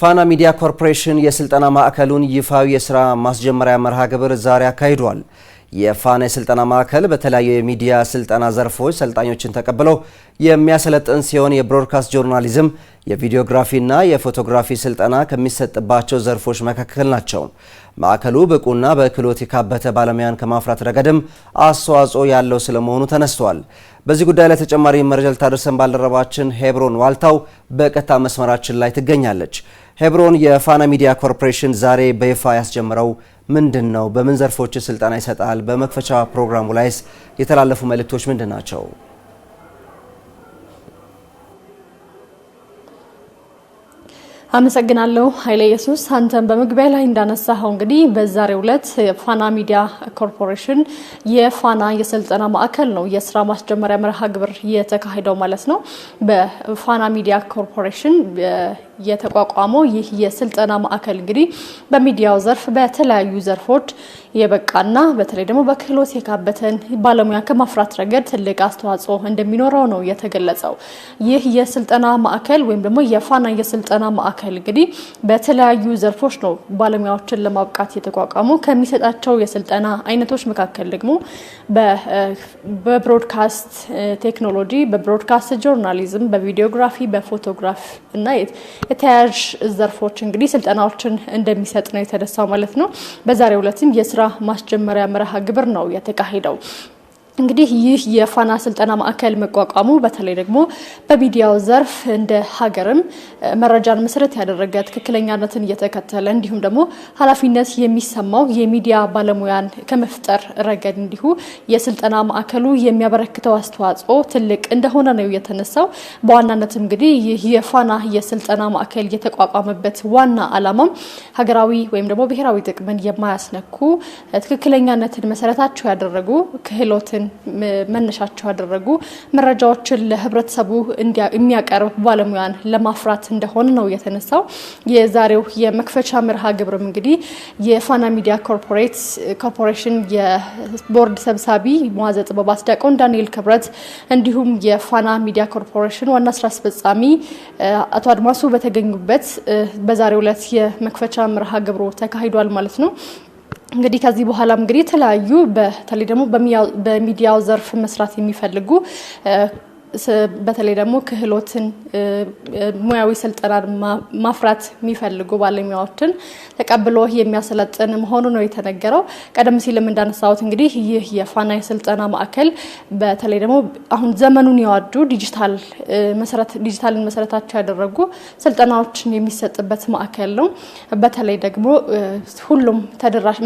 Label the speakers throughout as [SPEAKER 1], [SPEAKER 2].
[SPEAKER 1] ፋና ሚዲያ ኮርፖሬሽን የስልጠና ማዕከሉን ይፋዊ የስራ ማስጀመሪያ መርሃ ግብር ዛሬ አካሂዷል። የፋና የስልጠና ማዕከል በተለያዩ የሚዲያ ስልጠና ዘርፎች ሰልጣኞችን ተቀብለው የሚያሰለጥን ሲሆን የብሮድካስት ጆርናሊዝም፣ የቪዲዮግራፊና የፎቶግራፊ ስልጠና ከሚሰጥባቸው ዘርፎች መካከል ናቸው። ማዕከሉ ብቁና በክህሎት የካበተ ባለሙያን ከማፍራት ረገድም አስተዋጽኦ ያለው ስለመሆኑ ተነስተዋል። በዚህ ጉዳይ ላይ ተጨማሪ መረጃ ልታደርሰን ባልደረባችን ሄብሮን ዋልታው በቀጥታ መስመራችን ላይ ትገኛለች። ሄብሮን የፋና ሚዲያ ኮርፖሬሽን ዛሬ በይፋ ያስጀምረው ምንድን ነው? በምን ዘርፎች ስልጠና ይሰጣል? በመክፈቻ ፕሮግራሙ ላይስ የተላለፉ መልእክቶች ምንድን ናቸው?
[SPEAKER 2] አመሰግናለሁ ኃይለ ኢየሱስ። አንተን በመግቢያ ላይ እንዳነሳኸው እንግዲህ በዛሬው ዕለት ፋና ሚዲያ ኮርፖሬሽን የፋና የስልጠና ማዕከል ነው የስራ ማስጀመሪያ መርሃ ግብር የተካሄደው ማለት ነው። በፋና ሚዲያ ኮርፖሬሽን የተቋቋመው ይህ የስልጠና ማዕከል እንግዲህ በሚዲያው ዘርፍ በተለያዩ ዘርፎች የበቃና በተለይ ደግሞ በክህሎት የካበተን ባለሙያ ከማፍራት ረገድ ትልቅ አስተዋጽኦ እንደሚኖረው ነው የተገለጸው። ይህ የስልጠና ማዕከል ወይም ደግሞ የፋና የስልጠና ማዕከል እንግዲህ በተለያዩ ዘርፎች ነው ባለሙያዎችን ለማብቃት የተቋቋሙ። ከሚሰጣቸው የስልጠና አይነቶች መካከል ደግሞ በብሮድካስት ቴክኖሎጂ፣ በብሮድካስት ጆርናሊዝም፣ በቪዲዮግራፊ፣ በፎቶግራፍ እና የተያያዥ ዘርፎች እንግዲህ ስልጠናዎችን እንደሚሰጥ ነው የተደሳው ማለት ነው። በዛሬው ዕለትም የስራ ማስጀመሪያ መርሃ ግብር ነው የተካሄደው። እንግዲህ ይህ የፋና ስልጠና ማዕከል መቋቋሙ በተለይ ደግሞ በሚዲያው ዘርፍ እንደ ሀገርም መረጃን መሰረት ያደረገ ትክክለኛነትን እየተከተለ እንዲሁም ደግሞ ኃላፊነት የሚሰማው የሚዲያ ባለሙያን ከመፍጠር ረገድ እንዲሁ የስልጠና ማዕከሉ የሚያበረክተው አስተዋጽኦ ትልቅ እንደሆነ ነው የተነሳው። በዋናነትም እንግዲህ ይህ የፋና የስልጠና ማዕከል የተቋቋመበት ዋና ዓላማም ሀገራዊ ወይም ደግሞ ብሔራዊ ጥቅምን የማያስነኩ ትክክለኛነትን መሰረታቸው ያደረጉ ክህሎትን መነሻቸው ያደረጉ መረጃዎችን ለህብረተሰቡ የሚያቀርብ ባለሙያን ለማፍራት እንደሆነ ነው የተነሳው። የዛሬው የመክፈቻ መርሃ ግብርም እንግዲህ የፋና ሚዲያ ኮርፖሬሽን የቦርድ ሰብሳቢ መዋዘ ጥበባት ዲያቆን ዳንኤል ክብረት እንዲሁም የፋና ሚዲያ ኮርፖሬሽን ዋና ስራ አስፈጻሚ አቶ አድማሱ በተገኙበት በዛሬው ዕለት የመክፈቻ መርሃ ግብሩ ተካሂዷል ማለት ነው። እንግዲህ ከዚህ በኋላም እንግዲህ የተለያዩ በተለይ ደግሞ በሚዲያው ዘርፍ መስራት የሚፈልጉ በተለይ ደግሞ ክህሎትን ሙያዊ ስልጠናን ማፍራት የሚፈልጉ ባለሙያዎችን ተቀብሎ የሚያሰለጥን መሆኑ ነው የተነገረው። ቀደም ሲልም እንዳነሳሁት እንግዲህ ይህ የፋና የስልጠና ማዕከል በተለይ ደግሞ አሁን ዘመኑን የዋጁ ዲጂታልን መሰረታቸው ያደረጉ ስልጠናዎችን የሚሰጥበት ማዕከል ነው። በተለይ ደግሞ ሁሉም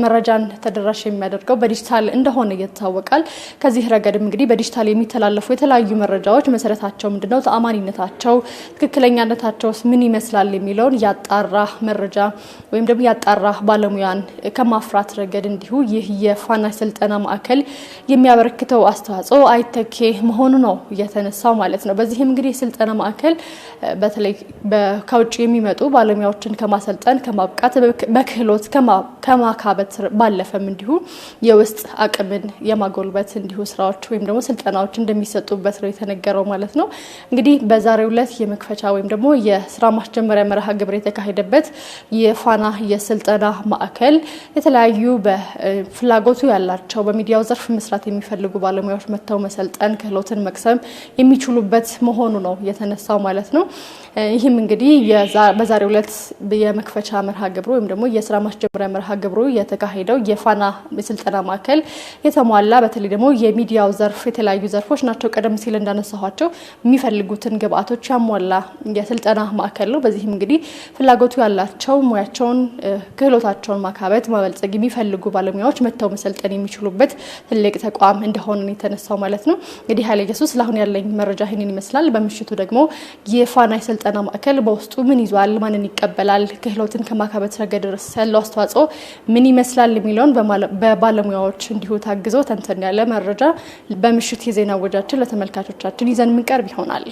[SPEAKER 2] መረጃን ተደራሽ የሚያደርገው በዲጂታል እንደሆነ ይታወቃል። ከዚህ ረገድም እንግዲህ በዲጂታል የሚተላለፉ የተለያዩ መረጃ መረጃዎች መሰረታቸው ምንድነው፣ ተአማኒነታቸው፣ ትክክለኛነታቸውስ ምን ይመስላል የሚለውን ያጣራ መረጃ ወይም ደግሞ ያጣራ ባለሙያን ከማፍራት ረገድ እንዲሁ ይህ የፋና ስልጠና ማዕከል የሚያበረክተው አስተዋጽኦ አይተኬ መሆኑ ነው እየተነሳው ማለት ነው። በዚህም እንግዲህ የስልጠና ማዕከል በተለይ ከውጭ የሚመጡ ባለሙያዎችን ከማሰልጠን ከማብቃት በክህሎት ከማካበት ባለፈም እንዲሁ የውስጥ አቅምን የማጎልበት እንዲሁ ስራዎች ወይም ደግሞ ስልጠናዎች እንደሚሰጡበት ነው የተነገ የሚነገረው ማለት ነው። እንግዲህ በዛሬው ዕለት የመክፈቻ ወይም ደግሞ የስራ ማስጀመሪያ መርሃ ግብር የተካሄደበት የፋና የስልጠና ማዕከል የተለያዩ በፍላጎቱ ያላቸው በሚዲያው ዘርፍ መስራት የሚፈልጉ ባለሙያዎች መጥተው መሰልጠን ክህሎትን መቅሰም የሚችሉበት መሆኑ ነው የተነሳው ማለት ነው። ይህም እንግዲህ በዛሬው ዕለት የመክፈቻ መርሃ ግብሩ ወይም ደግሞ የስራ ማስጀመሪያ መርሃ ግብሩ የተካሄደው የፋና የስልጠና ማዕከል የተሟላ በተለይ ደግሞ የሚዲያው ዘርፍ የተለያዩ ዘርፎች ናቸው። ቀደም ሲል እንዳነሳኋቸው የሚፈልጉትን ግብአቶች ያሟላ የስልጠና ማዕከል ነው። በዚህም እንግዲህ ፍላጎቱ ያላቸው ሙያቸውን፣ ክህሎታቸውን ማካበት ማበልጸግ የሚፈልጉ ባለሙያዎች መጥተው መሰልጠን የሚችሉበት ትልቅ ተቋም እንደሆነ የተነሳው ማለት ነው። እንግዲህ ኃይለ ኢየሱስ ለአሁን ያለኝ መረጃ ይህንን ይመስላል። በምሽቱ ደግሞ የፋና ስልጠና ማዕከል በውስጡ ምን ይዟል? ማንን ይቀበላል? ክህሎትን ከማካበት ረገድ ድረስ ያለው አስተዋጽኦ ምን ይመስላል? የሚለውን በባለሙያዎች እንዲሁ ታግዞ ተንተን ያለ መረጃ በምሽት የዜና ወጃችን ለተመልካቾቻችን ይዘን ምንቀርብ ይሆናል።